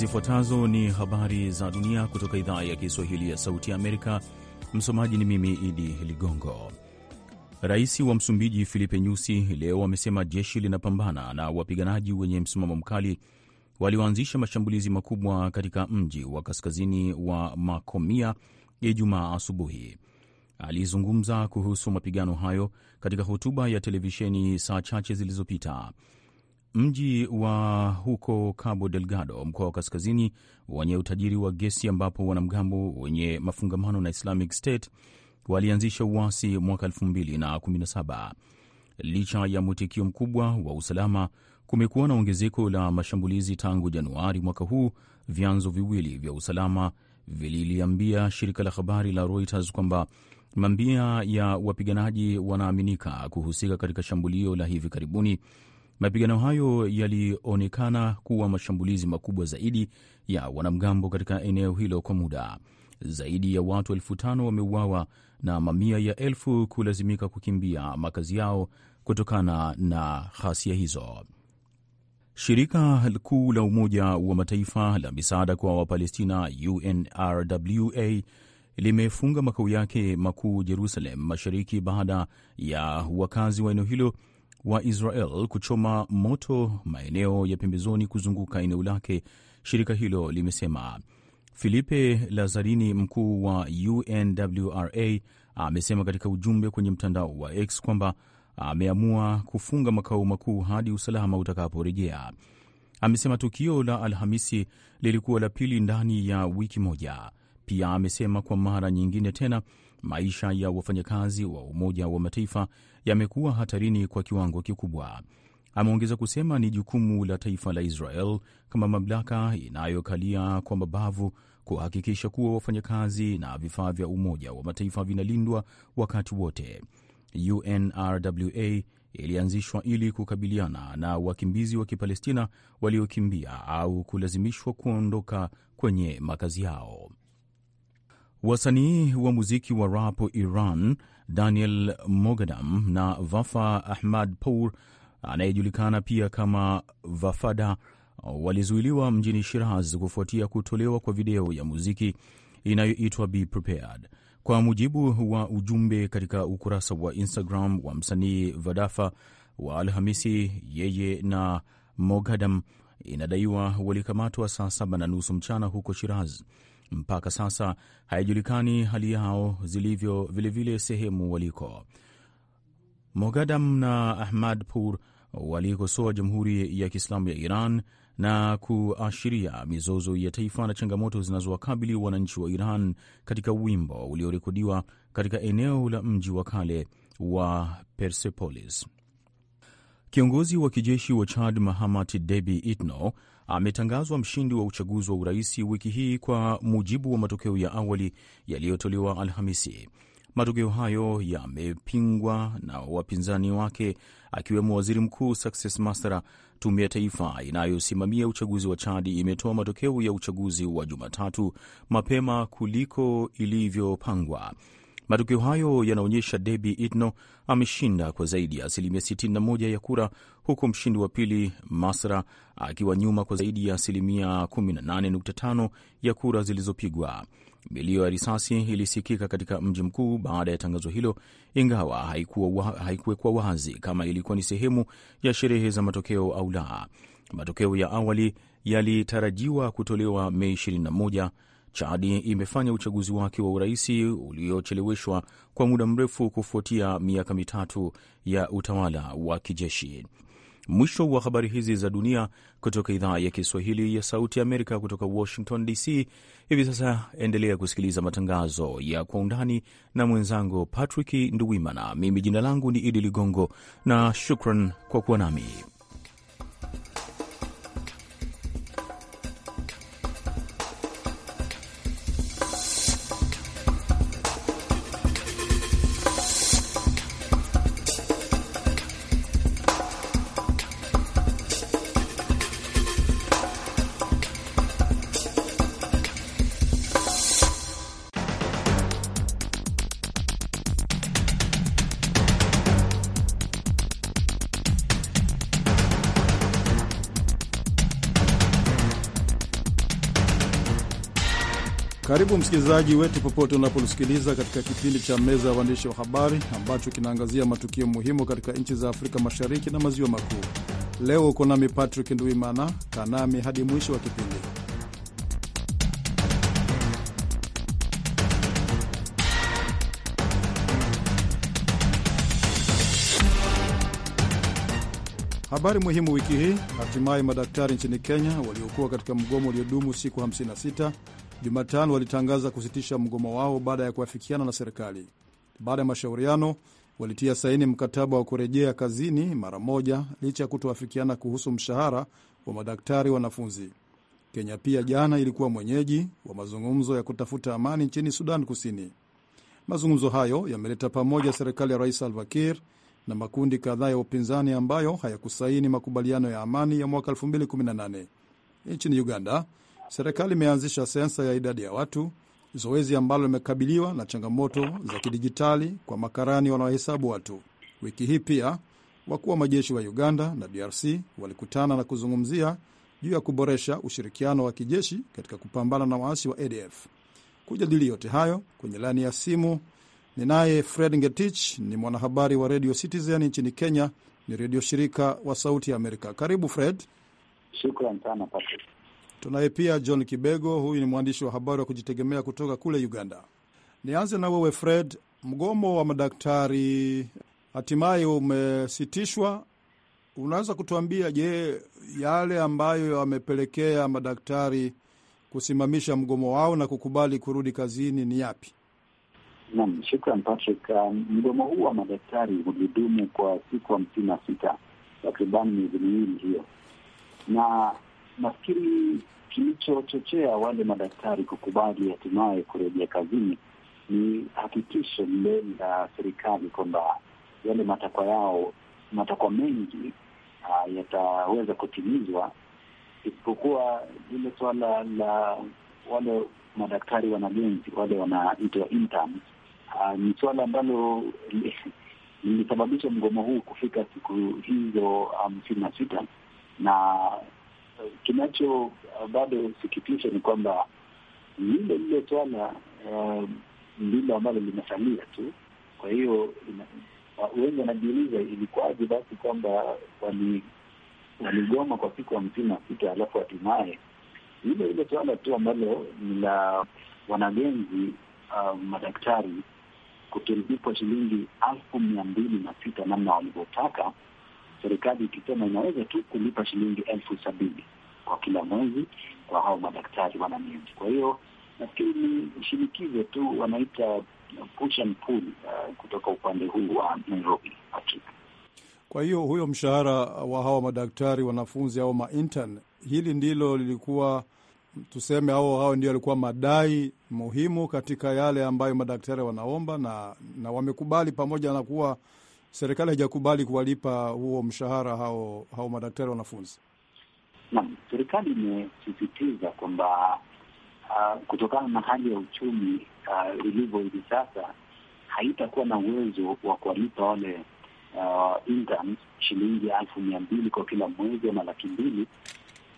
Zifuatazo ni habari za dunia kutoka idhaa ya Kiswahili ya Sauti ya Amerika. Msomaji ni mimi Idi Ligongo. Rais wa Msumbiji Filipe Nyusi leo amesema jeshi linapambana na wapiganaji wenye msimamo mkali walioanzisha mashambulizi makubwa katika mji wa kaskazini wa Makomia Ijumaa asubuhi. Alizungumza kuhusu mapigano hayo katika hotuba ya televisheni saa chache zilizopita. Mji wa huko Cabo Delgado, mkoa wa kaskazini wenye utajiri wa gesi, ambapo wanamgambo wenye mafungamano na Islamic State walianzisha uasi mwaka 2017. Licha ya mwitikio mkubwa wa usalama, kumekuwa na ongezeko la mashambulizi tangu Januari mwaka huu. Vyanzo viwili vya usalama vililiambia shirika la habari la Reuters kwamba mambia ya wapiganaji wanaaminika kuhusika katika shambulio la hivi karibuni Mapigano hayo yalionekana kuwa mashambulizi makubwa zaidi ya wanamgambo katika eneo hilo kwa muda. Zaidi ya watu elfu tano wameuawa na mamia ya elfu kulazimika kukimbia makazi yao kutokana na ghasia hizo. Shirika kuu la Umoja wa Mataifa la misaada kwa Wapalestina, UNRWA, limefunga makao yake makuu Jerusalem Mashariki baada ya wakazi wa eneo hilo wa Israel kuchoma moto maeneo ya pembezoni kuzunguka eneo lake, shirika hilo limesema. Filipe Lazarini, mkuu wa UNWRA, amesema katika ujumbe kwenye mtandao wa X kwamba ameamua kufunga makao makuu hadi usalama utakaporejea. Amesema tukio la Alhamisi lilikuwa la pili ndani ya wiki moja. Pia amesema kwa mara nyingine tena maisha ya wafanyakazi wa Umoja wa Mataifa yamekuwa hatarini kwa kiwango kikubwa. Ameongeza kusema ni jukumu la taifa la Israel kama mamlaka inayokalia kwa mabavu kuhakikisha kuwa wafanyakazi na vifaa vya Umoja wa Mataifa vinalindwa wakati wote. UNRWA ilianzishwa ili kukabiliana na wakimbizi wa Kipalestina waliokimbia au kulazimishwa kuondoka kwenye makazi yao. Wasanii wa muziki wa rap Iran, Daniel Mogadam na Vafa ahmad pour anayejulikana pia kama Vafada walizuiliwa mjini Shiraz kufuatia kutolewa kwa video ya muziki inayoitwa Be Prepared. Kwa mujibu wa ujumbe katika ukurasa wa Instagram wa msanii Vadafa wa Alhamisi, yeye na Mogadam inadaiwa walikamatwa saa saba na nusu mchana huko Shiraz. Mpaka sasa haijulikani hali yao zilivyo, vilevile sehemu waliko. Mogadam na ahmad Pur walikosoa Jamhuri ya Kiislamu ya Iran na kuashiria mizozo ya taifa na changamoto zinazowakabili wananchi wa Iran katika wimbo uliorekodiwa katika eneo la mji wa kale wa Persepolis. Kiongozi wa kijeshi wa Chad Mahamat Debi Itno ametangazwa mshindi wa uchaguzi wa urais wiki hii kwa mujibu wa matokeo ya awali yaliyotolewa Alhamisi. Matokeo hayo yamepingwa na wapinzani wake akiwemo waziri mkuu Sukses Masra. Tume ya taifa inayosimamia uchaguzi wa Chadi imetoa matokeo ya uchaguzi wa Jumatatu mapema kuliko ilivyopangwa. Matokeo hayo yanaonyesha Debi Itno ameshinda kwa zaidi ya asilimia 61 ya kura, huku mshindi wa pili Masra akiwa nyuma kwa zaidi ya asilimia 18.5 ya kura zilizopigwa. Milio ya risasi ilisikika katika mji mkuu baada ya tangazo hilo, ingawa haikuwekwa wa, haikuwekwa wazi kama ilikuwa ni sehemu ya sherehe za matokeo au la. Matokeo ya awali yalitarajiwa kutolewa Mei 21 Chadi imefanya uchaguzi wake wa uraisi uliocheleweshwa kwa muda mrefu kufuatia miaka mitatu ya utawala wa kijeshi. Mwisho wa habari hizi za dunia kutoka idhaa ya Kiswahili ya Sauti ya Amerika, kutoka Washington DC. Hivi sasa endelea kusikiliza matangazo ya Kwa Undani na mwenzangu Patrick Nduwimana. Mimi jina langu ni Idi Ligongo na shukran kwa kuwa nami. msikilizaji wetu popote unaposikiliza katika kipindi cha meza ya waandishi wa habari ambacho kinaangazia matukio muhimu katika nchi za Afrika Mashariki na Maziwa Makuu. Leo uko nami Patrick Nduimana, kanami hadi mwisho wa kipindi. Habari muhimu wiki hii, hatimaye madaktari nchini Kenya waliokuwa katika mgomo uliodumu siku 56 Jumatano walitangaza kusitisha mgomo wao baada ya kuafikiana na serikali. Baada ya mashauriano, walitia saini mkataba wa kurejea kazini mara moja, licha ya kutoafikiana kuhusu mshahara wa madaktari wanafunzi. Kenya pia jana ilikuwa mwenyeji wa mazungumzo ya kutafuta amani nchini Sudan Kusini. Mazungumzo hayo yameleta pamoja serikali ya Rais Salva Kiir na makundi kadhaa ya upinzani ambayo hayakusaini makubaliano ya amani ya mwaka 2018. Nchini Uganda, Serikali imeanzisha sensa ya idadi ya watu, zoezi ambalo limekabiliwa na changamoto za kidijitali kwa makarani wanaohesabu watu. Wiki hii pia wakuu wa majeshi wa Uganda na DRC walikutana na kuzungumzia juu ya kuboresha ushirikiano wa kijeshi katika kupambana na waasi wa ADF. Kujadili yote hayo, kwenye laini ya simu ninaye Fred Ngetich, ni mwanahabari wa Radio Citizen nchini Kenya, ni redio shirika wa Sauti ya Amerika. Karibu Fred. Shukran sana Patrick. Tunaye pia John Kibego, huyu ni mwandishi wa habari wa kujitegemea kutoka kule Uganda. Nianze na wewe Fred, mgomo wa madaktari hatimaye umesitishwa. Unaweza kutuambia, je, yale ambayo yamepelekea madaktari kusimamisha mgomo wao na kukubali kurudi kazini ni yapi? Naam, shukran Patrick. Um, mgomo huu wa madaktari ulidumu kwa siku hamsini na sita, takribani miezi miwili hiyo, na nafikiri kilichochochea wale madaktari kukubali hatimaye kurejea kazini ni hakikisho mbele ya serikali kwamba yale matakwa yao, matakwa mengi uh, yataweza kutimizwa, isipokuwa lile suala la wale madaktari wanagenzi wale wanaitwa uh, ni suala ambalo lilisababisha mgomo huu kufika siku hizo hamsini um, na sita na kinacho uh, bado sikitisha ni kwamba lile lile swala uh, ndilo ambalo limesalia tu. Kwa hiyo uh, wengi wanajiuliza ilikuwaje basi kwamba waligoma kwa siku hamsini na sita alafu hatimaye ile ile suala tu ambalo ni la wanagenzi uh, madaktari kutolipwa shilingi elfu mia mbili na sita namna walivyotaka serikali ikisema inaweza tu kulipa shilingi elfu sabini kwa kila mwezi kwa hao madaktari wana miezi. Kwa hiyo nafikiri ni shinikizo tu, wanaita push and pull uh, kutoka upande huu wa Nairobi, Afrika. Kwa hiyo huyo mshahara wa hawa madaktari wanafunzi au maintern, hili ndilo lilikuwa tuseme, au hao ndio alikuwa madai muhimu katika yale ambayo madaktari wanaomba, na na wamekubali, pamoja na kuwa serikali haijakubali kuwalipa huo mshahara hao hao madaktari wanafunzi. Naam, serikali imesisitiza kwamba uh, kutokana na hali ya uchumi uh, ilivyo hivi sasa haitakuwa na uwezo wa kuwalipa wale uh, interns shilingi elfu mia mbili kwa kila mwezi ama laki mbili,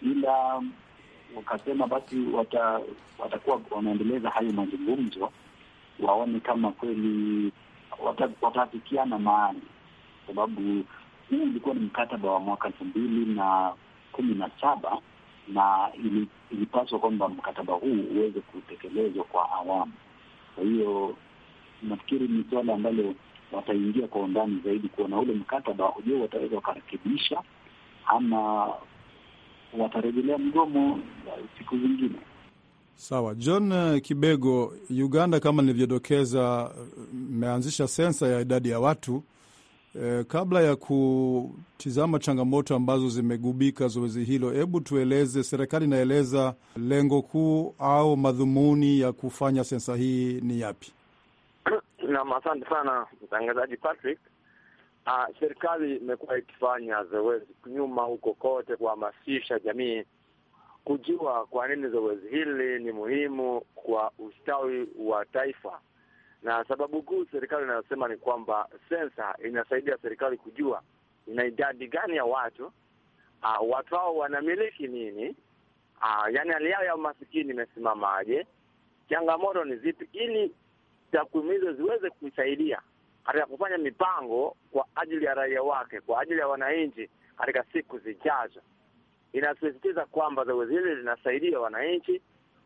ila wakasema basi wata, watakuwa wanaendeleza hayo mazungumzo waone kama kweli wataafikiana mahali kwa sababu hii ilikuwa ni mkataba wa mwaka elfu mbili na kumi na saba na ilipaswa kwamba mkataba huu uweze kutekelezwa kwa awamu. Kwa hiyo nafikiri ni suala ambalo wataingia kwa undani zaidi kuona ule mkataba ujua wataweza wakarekebisha ama watarejelea mgomo siku zingine. Sawa, John eh, Kibego. Uganda kama nilivyodokeza, eh, mmeanzisha sensa ya idadi ya watu e, kabla ya kutizama changamoto ambazo zimegubika zoezi hilo, hebu tueleze, serikali inaeleza lengo kuu au madhumuni ya kufanya sensa hii ni yapi? Naam, asante sana mtangazaji Patrick. Uh, serikali imekuwa ikifanya zoezi nyuma huko kote kuhamasisha jamii kujua kwa nini zoezi hili ni muhimu kwa ustawi wa taifa, na sababu kuu serikali inayosema ni kwamba sensa inasaidia serikali kujua ina idadi gani ya watu uh, watu hao wanamiliki nini uh, yani hali yao ya umasikini imesimamaje, changamoto ni zipi, ili takwimu hizo ziweze kuisaidia katika kufanya mipango kwa ajili ya raia wake, kwa ajili ya wananchi katika siku zijazo inasisitiza kwamba zoezi hili linasaidia wananchi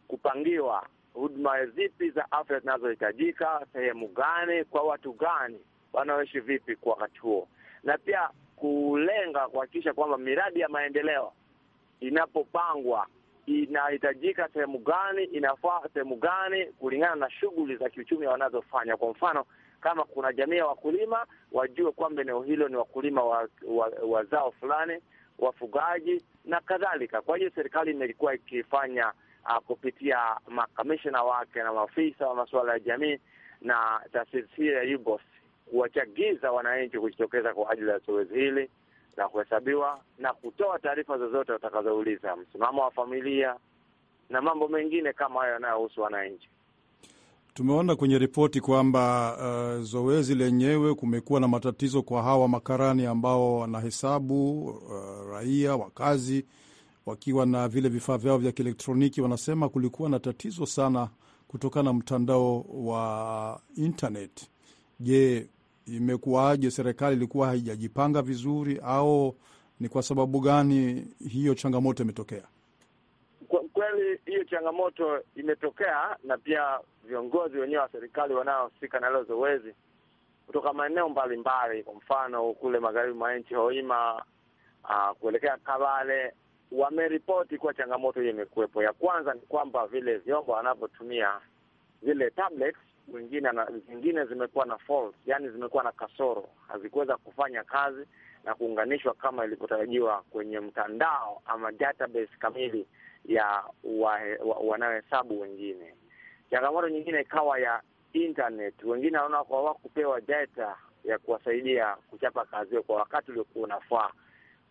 kupangiwa huduma zipi za afya zinazohitajika sehemu gani kwa watu gani wanaoishi vipi kwa wakati huo, na pia kulenga kuhakikisha kwamba miradi ya maendeleo inapopangwa inahitajika sehemu gani, inafaa sehemu gani, kulingana na shughuli za kiuchumi wanazofanya. Kwa mfano, kama kuna jamii ya wakulima, wajue kwamba eneo hilo ni wakulima wa, wa, wa zao fulani, wafugaji na kadhalika. Kwa hiyo serikali imekuwa ikifanya uh, kupitia makamishina wake na maafisa wa masuala ya jamii na taasisi ya UGOS kuwachagiza wananchi kujitokeza kwa ajili ya zoezi hili la kuhesabiwa na kutoa taarifa zozote watakazouliza, msimamo wa familia na mambo mengine kama hayo yanayohusu wananchi. Tumeona kwenye ripoti kwamba uh, zoezi lenyewe kumekuwa na matatizo kwa hawa makarani ambao wanahesabu uh, raia wakazi wakiwa na vile vifaa vyao vya kielektroniki. Wanasema kulikuwa na tatizo sana kutokana na mtandao wa internet. Je, imekuwaje? Serikali ilikuwa haijajipanga vizuri, au ni kwa sababu gani hiyo changamoto imetokea? hiyo changamoto imetokea, na pia viongozi wenyewe wa serikali wanaohusika na hilo zoezi kutoka maeneo mbalimbali, kwa mfano kule magharibi mwa nchi Hoima, uh, kuelekea Kabale, wameripoti kuwa changamoto hiyo imekuwepo. Ya kwanza ni kwamba vile vyombo wanavyotumia zile tablets wengine na zingine zimekuwa na faults, yani zimekuwa na kasoro, hazikuweza kufanya kazi na kuunganishwa kama ilivyotarajiwa kwenye mtandao ama database kamili ya wanaohesabu wa, wa wengine. Changamoto nyingine ikawa ya internet, wengine wanaona kwa wakupewa data ya kuwasaidia kuchapa kazi hiyo kwa wakati uliokuwa unafaa,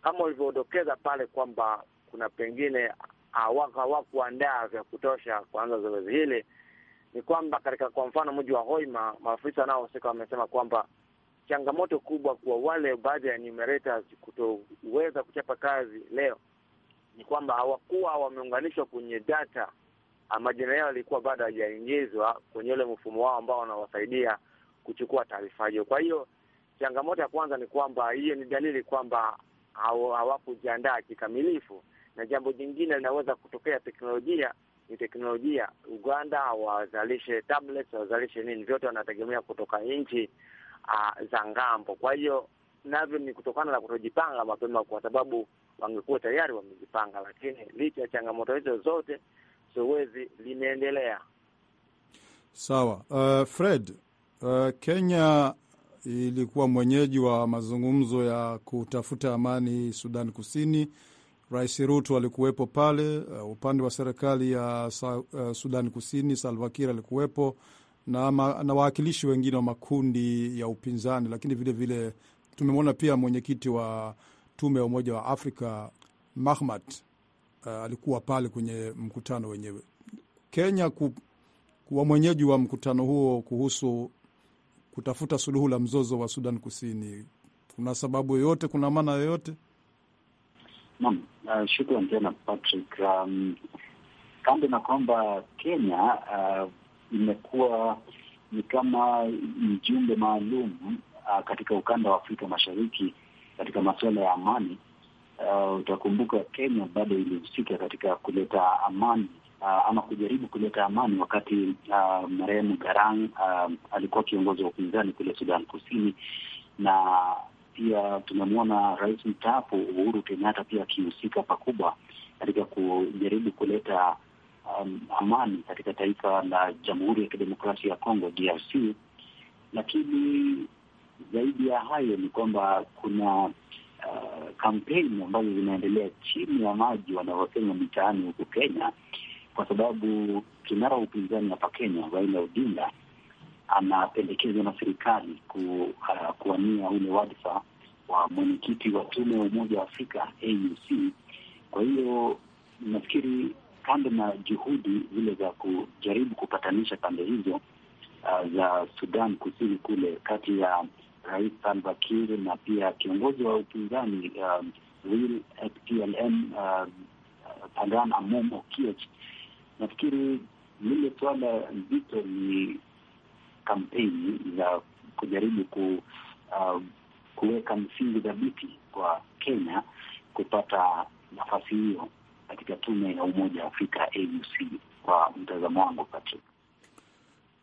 kama ulivyodokeza pale kwamba kuna pengine hawakuandaa vya kutosha kuanza zoezi hili. Ni kwamba katika kwa mfano mji wa Hoima, maafisa wanaohusika wamesema kwamba changamoto kubwa kwa wale baadhi ya enumerators kutoweza kuchapa kazi leo ni kwamba hawakuwa wameunganishwa kwenye data, majina yao yalikuwa bado hajaingizwa kwenye ule mfumo wao ambao wanawasaidia kuchukua taarifa hiyo. Kwa hiyo changamoto ya kwanza ni kwamba hiyo ni dalili kwamba hawakujiandaa kikamilifu, na jambo jingine linaweza kutokea teknolojia ni teknolojia. Uganda wazalishe tablets, wazalishe nini, vyote wanategemea kutoka nchi uh, za ngambo. Kwa hiyo navyo ni kutokana na kutojipanga mapema, kwa sababu wangekuwa tayari wamejipanga, lakini licha ya changamoto hizo zote zoezi limeendelea. Sawa. Uh, Fred, uh, Kenya ilikuwa mwenyeji wa mazungumzo ya kutafuta amani Sudan Kusini. Rais Ruto alikuwepo pale, uh, upande wa serikali ya sa, uh, Sudan Kusini Salva Kiir alikuwepo na, ma, na wawakilishi wengine wa makundi ya upinzani, lakini vilevile tumemwona pia mwenyekiti wa tume ya Umoja wa Afrika Mahmat uh, alikuwa pale kwenye mkutano wenyewe. Kenya ku, kuwa mwenyeji wa mkutano huo kuhusu kutafuta suluhu la mzozo wa Sudan Kusini, kuna sababu yoyote? Kuna maana yoyote? Naam, uh, shukran tena Patrick. Um, kando na kwamba Kenya uh, imekuwa ni kama mjumbe maalum uh, katika ukanda wa Afrika Mashariki katika masuala ya amani. Uh, utakumbuka Kenya bado ilihusika katika kuleta amani uh, ama kujaribu kuleta amani wakati uh, marehemu Garang uh, alikuwa kiongozi wa upinzani kule Sudan Kusini, na pia tumemwona rais mstaafu Uhuru Kenyatta pia akihusika pakubwa katika kujaribu kuleta um, amani katika taifa la Jamhuri ya Kidemokrasia ya Kongo DRC, lakini zaidi ya hayo ni kwamba kuna uh, kampeni ambazo zinaendelea chini ya maji wanavyosema mitaani huku Kenya, kwa sababu kinara upinzani hapa Kenya Raila Odinga anapendekezwa na serikali ku, uh, kuwania ule wadhifa wa mwenyekiti wa tume ya Umoja wa Afrika AUC. Kwa hiyo nafikiri kando na juhudi zile za kujaribu kupatanisha pande hizo uh, za Sudan Kusini kule kati ya Rais Salva Kiir na pia kiongozi wa upinzani um, Will uh, Amom Okiech. Nafikiri lile suala nzito ni kampeni za kujaribu ku uh, kuweka msingi dhabiti kwa Kenya kupata nafasi hiyo katika tume ya Umoja wa Afrika AUC, kwa mtazamo wangu Patrick.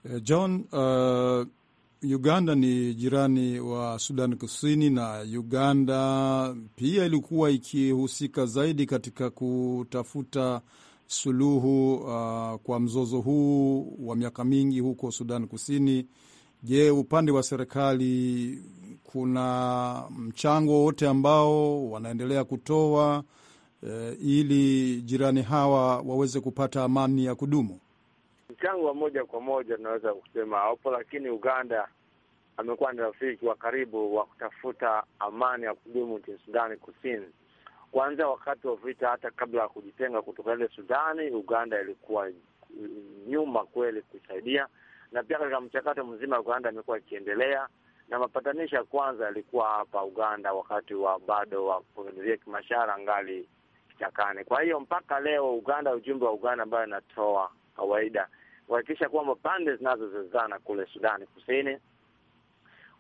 Eh, John, uh, Uganda ni jirani wa Sudan Kusini na Uganda pia ilikuwa ikihusika zaidi katika kutafuta suluhu uh, kwa mzozo huu wa miaka mingi huko Sudan Kusini. Je, upande wa serikali kuna mchango wwote ambao wanaendelea kutoa uh, ili jirani hawa waweze kupata amani ya kudumu? tangu wa moja kwa moja tunaweza kusema hapo, lakini Uganda amekuwa ni rafiki wa karibu wa kutafuta amani ya kudumu nchini Sudani Kusini. Kwanza wakati wa vita, hata kabla ya kujitenga kutoka ile Sudani, Uganda ilikuwa nyuma kweli kusaidia, na pia katika mchakato mzima Uganda amekuwa ikiendelea, na mapatanisho ya kwanza yalikuwa hapa Uganda wakati wa bado wa Riek Machar ngali kichakani. Kwa hiyo mpaka leo Uganda, ujumbe wa Uganda ambayo inatoa kawaida kuhakikisha kwamba pande zinazozozana kule Sudani Kusini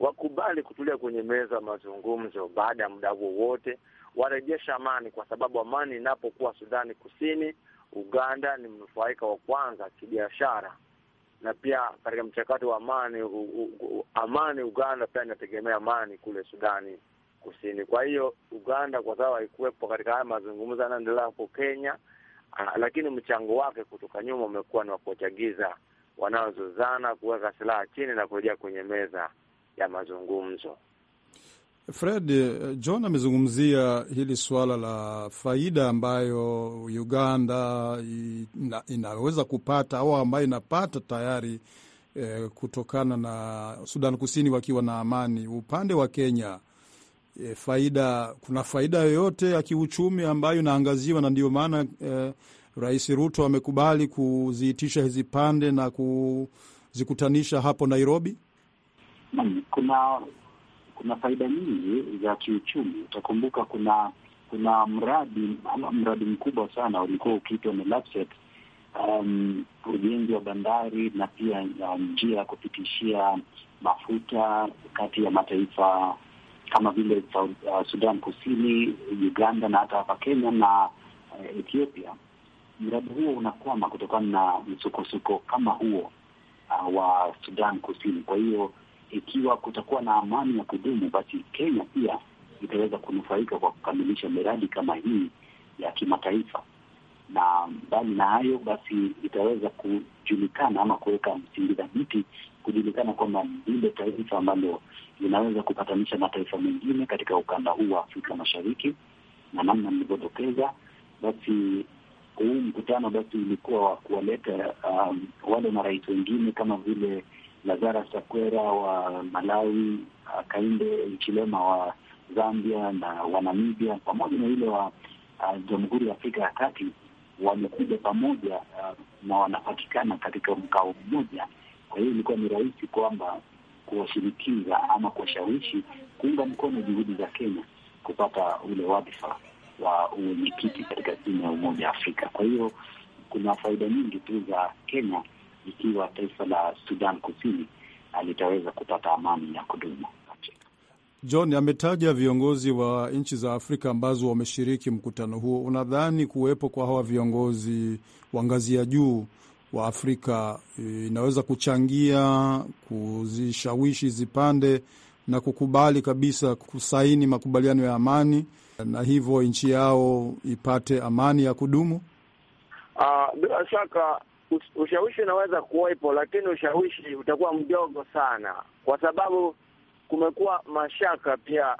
wakubali kutulia kwenye meza ya mazungumzo baada ya muda wowote, warejesha amani, kwa sababu amani inapokuwa Sudani Kusini, Uganda ni mnufaika wa kwanza kibiashara, na pia katika mchakato wa amani u, u, u, amani Uganda pia inategemea amani kule Sudani Kusini. Kwa hiyo Uganda, kwa sababu haikuwepo katika haya mazungumzo yanaendelea hapo Kenya Ah, lakini mchango wake kutoka nyuma umekuwa ni wa kuwachagiza wanaozozana kuweka silaha chini na kurejea kwenye meza ya mazungumzo. Fred, eh, John amezungumzia hili suala la faida ambayo Uganda ina, inaweza kupata au ambayo inapata tayari eh, kutokana na Sudan Kusini wakiwa na amani. Upande wa Kenya e, faida, kuna faida yoyote ya kiuchumi ambayo inaangaziwa? Na ndio maana e, Rais Ruto amekubali kuziitisha hizi pande na kuzikutanisha hapo Nairobi. Kuna kuna faida nyingi za kiuchumi. Utakumbuka kuna kuna mradi ama mradi mkubwa sana ulikuwa ukiitwa ni LAPSSET, um, ujenzi wa bandari na pia um, njia um, ya kupitishia mafuta kati ya mataifa kama vile uh, Sudan Kusini, Uganda na hata hapa Kenya na uh, Ethiopia, mradi huo unakwama kutokana na msukosuko kama huo uh, wa Sudan Kusini. Kwa hiyo ikiwa kutakuwa na amani ya kudumu, basi Kenya pia itaweza kunufaika kwa kukamilisha miradi kama hii ya kimataifa, na mbali na hayo, basi itaweza kujulikana ama kuweka msingi dhabiti kujulikana kwamba lile taifa ambalo linaweza kupatanisha mataifa mengine katika ukanda huu wa Afrika Mashariki, na namna nilivyotokeza basi huu mkutano basi ulikuwa wa kuwaleta um, wale marais wengine kama vile Lazara Sakwera wa Malawi, Kainde Hichilema wa Zambia na wa Namibia pamoja na ile wa uh, Jamhuri ya Afrika ya Kati wamekuja pamoja uh, na wanapatikana katika mkao mmoja kwa hiyo ilikuwa ni rahisi kwamba kuwashirikiza ama kuwashawishi kuunga mkono juhudi za Kenya kupata ule wadhifa wa uwenyekiti katika timu ya Umoja wa Afrika. Kwa hiyo kuna faida nyingi tu za Kenya ikiwa taifa la Sudan Kusini litaweza kupata amani ya kudumu. John ametaja viongozi wa nchi za Afrika ambazo wameshiriki mkutano huo. Unadhani kuwepo kwa hawa viongozi wa ngazi ya juu wa Afrika e, inaweza kuchangia kuzishawishi zipande na kukubali kabisa kusaini makubaliano ya amani na hivyo nchi yao ipate amani ya kudumu? Uh, bila shaka ushawishi unaweza kuwepo, lakini ushawishi utakuwa mdogo sana, kwa sababu kumekuwa mashaka pia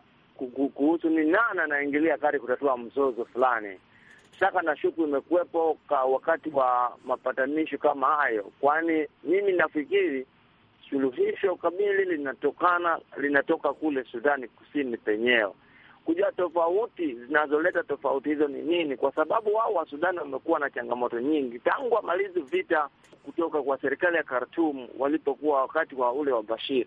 kuhusu ni nani anaingilia kati kutatua mzozo fulani shaka na shuku imekuwepo kwa wakati wa mapatanisho kama hayo, kwani mimi nafikiri suluhisho kamili linatokana linatoka kule Sudani Kusini penyewe, kujua tofauti zinazoleta tofauti hizo ni nini, kwa sababu wao wa Sudani wamekuwa na changamoto nyingi tangu wamalizi vita kutoka kwa serikali ya Khartoum walipokuwa wakati wa ule wa Bashir,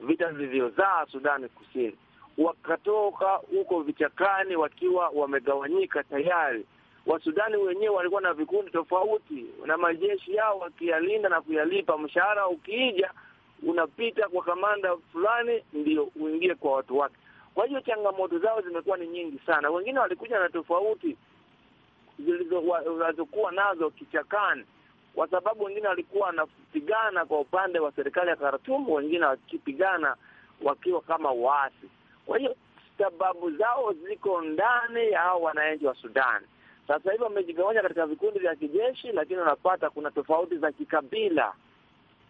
vita vilivyozaa Sudani Kusini wakatoka huko vichakani wakiwa wamegawanyika tayari. Wasudani wenyewe walikuwa na vikundi tofauti na majeshi yao wakiyalinda na kuyalipa. Mshahara ukija unapita kwa kamanda fulani, ndio uingie kwa watu wake. Kwa hiyo changamoto zao zimekuwa ni nyingi sana. Wengine walikuja na tofauti zilizokuwa nazo kichakani, kwa sababu wengine walikuwa wanapigana kwa upande wa serikali ya Khartoum, wengine wakipigana wakiwa kama waasi. Kwa hiyo sababu zao ziko ndani ya hao wananchi wa sudan Sasa hivi wamejigawanya katika vikundi vya kijeshi, lakini wanapata kuna tofauti za kikabila.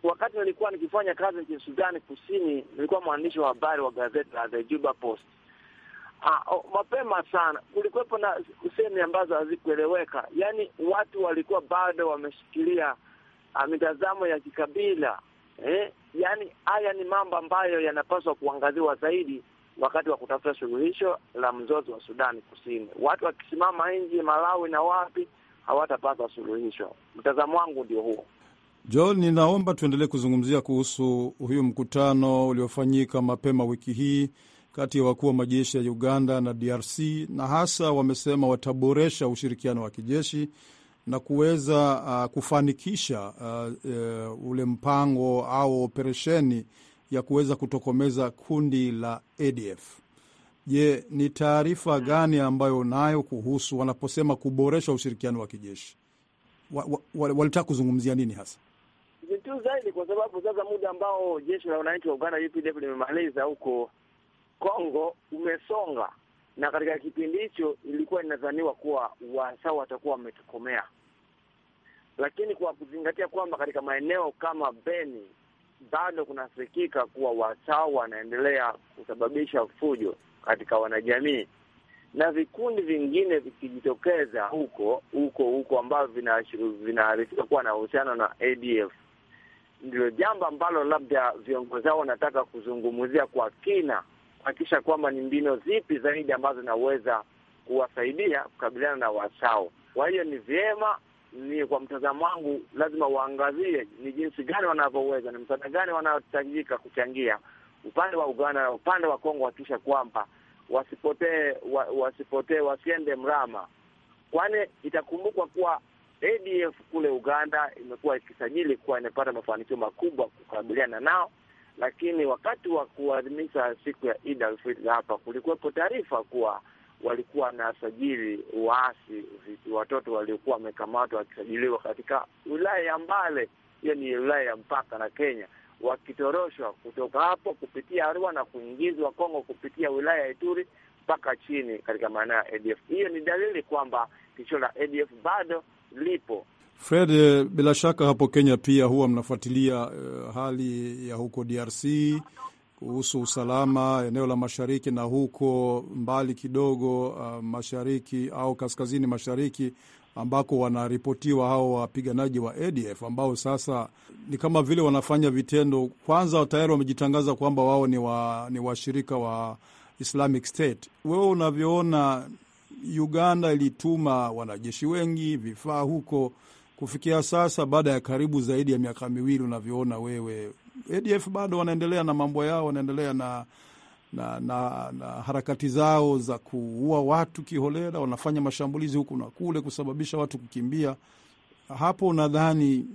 Wakati nilikuwa nikifanya kazi nchini Sudani Kusini, nilikuwa mwandishi wa habari wa gazeti la The Juba Post. Ah, oh, mapema sana kulikuwepo na sehemu ambazo hazikueleweka, yaani watu walikuwa bado wameshikilia ah, mitazamo ya kikabila eh? Yaani haya ni mambo ambayo yanapaswa kuangaziwa zaidi wakati wa kutafuta suluhisho la mzozo wa Sudani Kusini. Watu wakisimama nje, Malawi na wapi, hawatapata suluhisho. Mtazamo wangu ndio huo. John, ninaomba tuendelee kuzungumzia kuhusu huyu mkutano uliofanyika mapema wiki hii kati ya wakuu wa majeshi ya Uganda na DRC, na hasa wamesema wataboresha ushirikiano wa kijeshi na kuweza uh, kufanikisha uh, uh, ule mpango au operesheni ya kuweza kutokomeza kundi la ADF. Je, ni taarifa gani ambayo unayo kuhusu wanaposema kuboresha ushirikiano wa kijeshi? Walitaka wa, wa, wa kuzungumzia nini hasa? Vitu zaidi kwa sababu sasa muda ambao jeshi la wananchi wa Uganda UPDF limemaliza huko Kongo umesonga, na katika kipindi hicho ilikuwa inadhaniwa kuwa wasaa watakuwa wametokomea, lakini kwa kuzingatia kwamba katika maeneo kama Beni, bado kunafikika kuwa wachawi wanaendelea kusababisha fujo katika wanajamii na vikundi vingine vikijitokeza huko huko huko ambavyo vinaarifiwa kuwa na uhusiano na ADF. ndilo jambo ambalo labda viongozi hao wanataka kuzungumzia kwa kina, kuhakikisha kwamba ni mbino zipi zaidi ambazo zinaweza kuwasaidia kukabiliana na wasao. Kwa hiyo ni vyema ni kwa mtazamo wangu, lazima waangazie ni jinsi gani wanavyoweza, ni msaada gani wanaohitajika kuchangia upande wa Uganda na upande wa Kongo, wakikisha kwamba wasipotee, wa, wasipotee, wasiende mrama, kwani itakumbukwa kuwa ADF kule Uganda imekuwa ikisajili kuwa imepata mafanikio makubwa kukabiliana nao, lakini wakati wa kuadhimisha siku ya Eid al-Fitr hapa kulikuwepo taarifa kuwa walikuwa wanasajili waasi, watoto waliokuwa wamekamatwa wakisajiliwa katika wilaya ya Mbale, hiyo ni wilaya ya mpaka na Kenya, wakitoroshwa kutoka hapo kupitia Arua na kuingizwa Kongo kupitia wilaya ya Ituri mpaka chini katika maeneo ya ADF. Hiyo ni dalili kwamba tisho la ADF bado lipo. Fred, eh, bila shaka hapo Kenya pia huwa mnafuatilia uh, hali ya huko DRC kuhusu usalama eneo la mashariki na huko mbali kidogo uh, mashariki au kaskazini mashariki ambako wanaripotiwa hao wapiganaji wa ADF ambao sasa ni kama vile wanafanya vitendo. Kwanza tayari wamejitangaza kwamba wao ni, wa, ni washirika wa Islamic State. Wewe unavyoona, Uganda ilituma wanajeshi wengi, vifaa huko, kufikia sasa baada ya karibu zaidi ya miaka miwili, unavyoona wewe ADF bado wanaendelea na mambo yao, wanaendelea na na, na, na harakati zao za kuua watu kiholela, wanafanya mashambulizi huku na kule kusababisha watu kukimbia. Hapo nadhani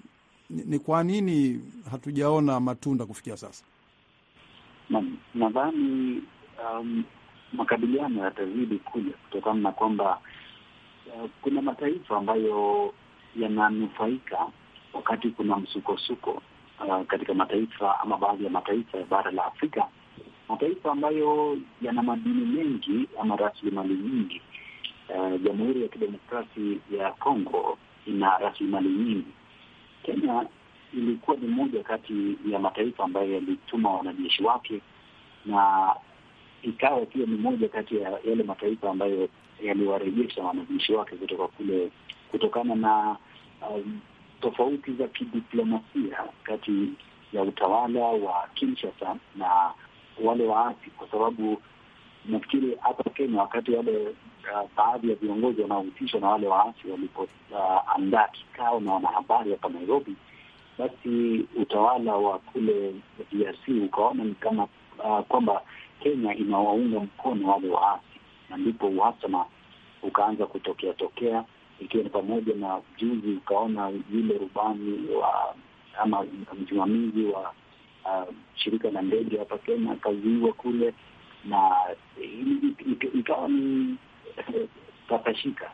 ni, ni kwa nini hatujaona matunda kufikia sasa? Nadhani um, makabiliano yatazidi kuja kutokana na kwamba uh, kuna mataifa ambayo yananufaika wakati kuna msukosuko uh, katika mataifa ama baadhi ya mataifa ya bara la Afrika, mataifa ambayo yana madini mengi ama rasilimali nyingi. Uh, Jamhuri ya Kidemokrasi ya congo ina rasilimali nyingi. Kenya ilikuwa ni moja kati ya mataifa ambayo yalituma wanajeshi wake na ikawa pia ni moja kati ya yale mataifa ambayo yaliwarejesha wanajeshi wake kutoka kule kutokana na um, tofauti za kidiplomasia kati ya utawala wa Kinshasa na wale waasi, kwa sababu nafikiri hapa Kenya wakati wale uh, baadhi ya viongozi wanaohusishwa na wale waasi walipoandaa uh, kikao na wanahabari hapa Nairobi, basi utawala wa kule DRC ukaona ni kama uh, kwamba Kenya inawaunga mkono wale waasi, na ndipo uhasama ukaanza kutokea tokea ikiwa ni pamoja na juzi ukaona yule rubani wa ama msimamizi wa uh, shirika la ndege hapa Kenya akazuiwa kule, na ikawa ni eh, patashika.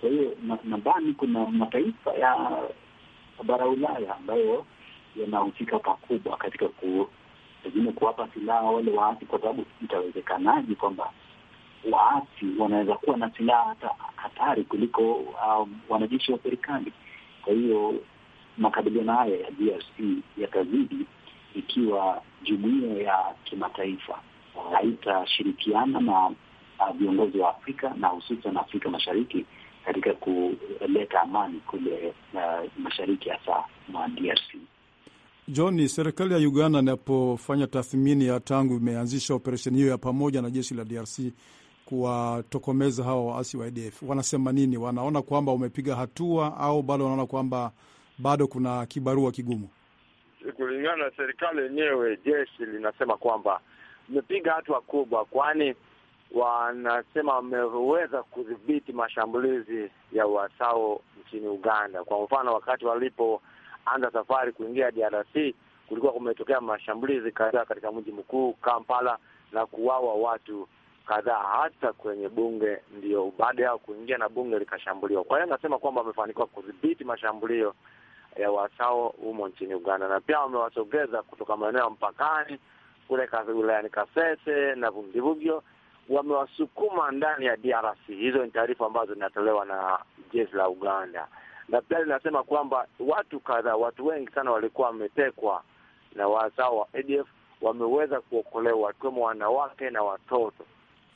Kwa hiyo nadhani kuna mataifa ya bara Ulaya ambayo yanahusika pakubwa katika ku pengine kuwapa silaha wale waasi, kwa sababu itawezekanaje kwamba waasi wanaweza kuwa na silaha hata hatari kuliko um, wanajeshi wa serikali. Kwa hiyo makabiliano haya ya DRC yatazidi ikiwa jumuiya ya kimataifa haitashirikiana na uh, viongozi wa Afrika na hususan Afrika Mashariki katika kuleta amani kule uh, mashariki hasa mwa DRC. John, serikali ya Uganda inapofanya tathmini ya tangu imeanzisha operesheni hiyo ya pamoja na jeshi la DRC kuwatokomeza hawa waasi wa ADF. Wanasema nini? Wanaona kwamba wamepiga hatua au bado wanaona kwamba bado kuna kibarua kigumu? Kulingana na serikali yenyewe, jeshi linasema kwamba imepiga hatua kubwa, kwani wanasema wameweza kudhibiti mashambulizi ya wasao nchini Uganda. Kwa mfano, wakati walipoanza safari kuingia DRC kulikuwa kumetokea mashambulizi kadhaa katika mji mkuu Kampala na kuwawa watu kadhaa hata kwenye bunge, ndio baada yao kuingia na bunge likashambuliwa. Kwa hiyo anasema kwamba wamefanikiwa kudhibiti mashambulio ya wasao humo nchini Uganda, na pia wamewasogeza kutoka maeneo ya mpakani kule wilayani Kasese na Vundivugyo, wamewasukuma ndani ya DRC. Hizo ni taarifa ambazo zinatolewa na jeshi la Uganda, na pia linasema kwamba watu kadhaa, watu wengi sana walikuwa wametekwa na wasao wa ADF wameweza kuokolewa, wakiwemo wanawake na watoto.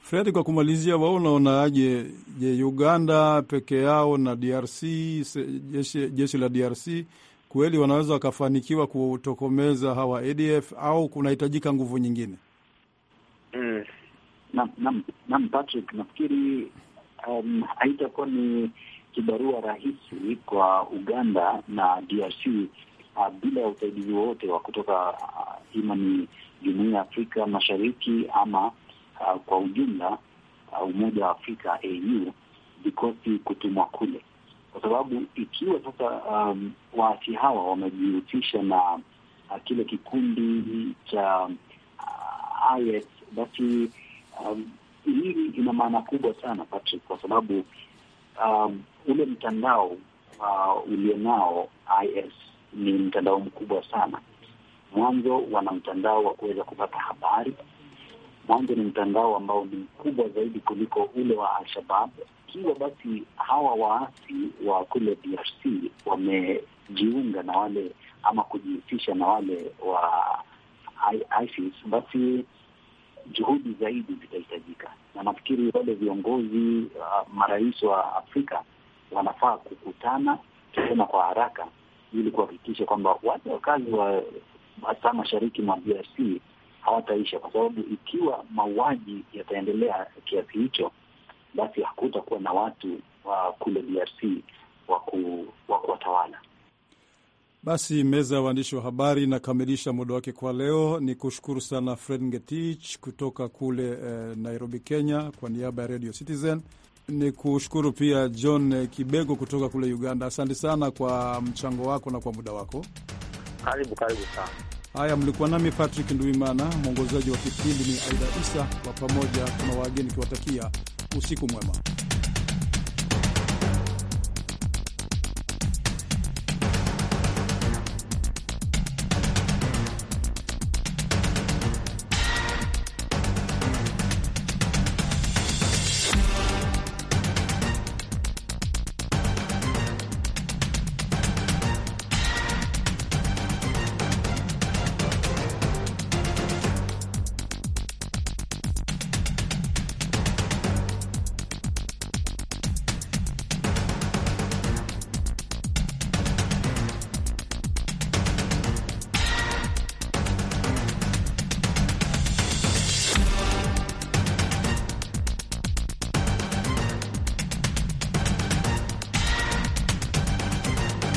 Fredi, kwa kumalizia, wao unaonaje? Je, Uganda peke yao na DRC, jeshi, jeshi la DRC kweli wanaweza wakafanikiwa kutokomeza hawa ADF au kunahitajika nguvu nyingine? Eh, nam Patrick, nafikiri um, haitakuwa ni kibarua rahisi kwa Uganda na DRC uh, bila ya usaidizi wowote wa kutoka uh, ima ni jumuiya ya Afrika Mashariki ama uh, kwa ujumla uh, Umoja wa Afrika AU vikosi kutumwa kule, kwa sababu ikiwa sasa um, waasi hawa wamejihusisha na uh, kile kikundi cha uh, IS basi um, hili ina maana kubwa sana Patrick, kwa sababu um, ule mtandao uh, ulionao IS ni mtandao mkubwa sana. Mwanzo wana mtandao wa kuweza kupata habari mwanzo ni mtandao ambao ni mkubwa zaidi kuliko ule wa Al-Shabab. Ikiwa basi hawa waasi wa kule DRC wamejiunga na wale ama kujihusisha na wale wa ISIS, basi juhudi zaidi zitahitajika, na nafikiri wale viongozi uh, marais wa Afrika wanafaa kukutana tena kwa haraka ili kuhakikisha kwamba wale wakazi wa hasa mashariki mwa DRC hawataisha, kwa sababu ikiwa mauaji yataendelea kiasi hicho, basi hakutakuwa na watu wa kule DRC wa kuwatawala. Basi meza ya waandishi wa habari inakamilisha muda wake kwa leo. Ni kushukuru sana Fred Ngetich kutoka kule eh, Nairobi, Kenya, kwa niaba ya Radio Citizen. Ni kushukuru pia John Kibego kutoka kule Uganda. Asante sana kwa mchango wako na kwa muda wako. Karibu, karibu sana. Haya, mlikuwa nami Patrick Nduimana, mwongozaji wa kipindi ni Aida Isa. Kwa pamoja tuna wageni kiwatakia usiku mwema.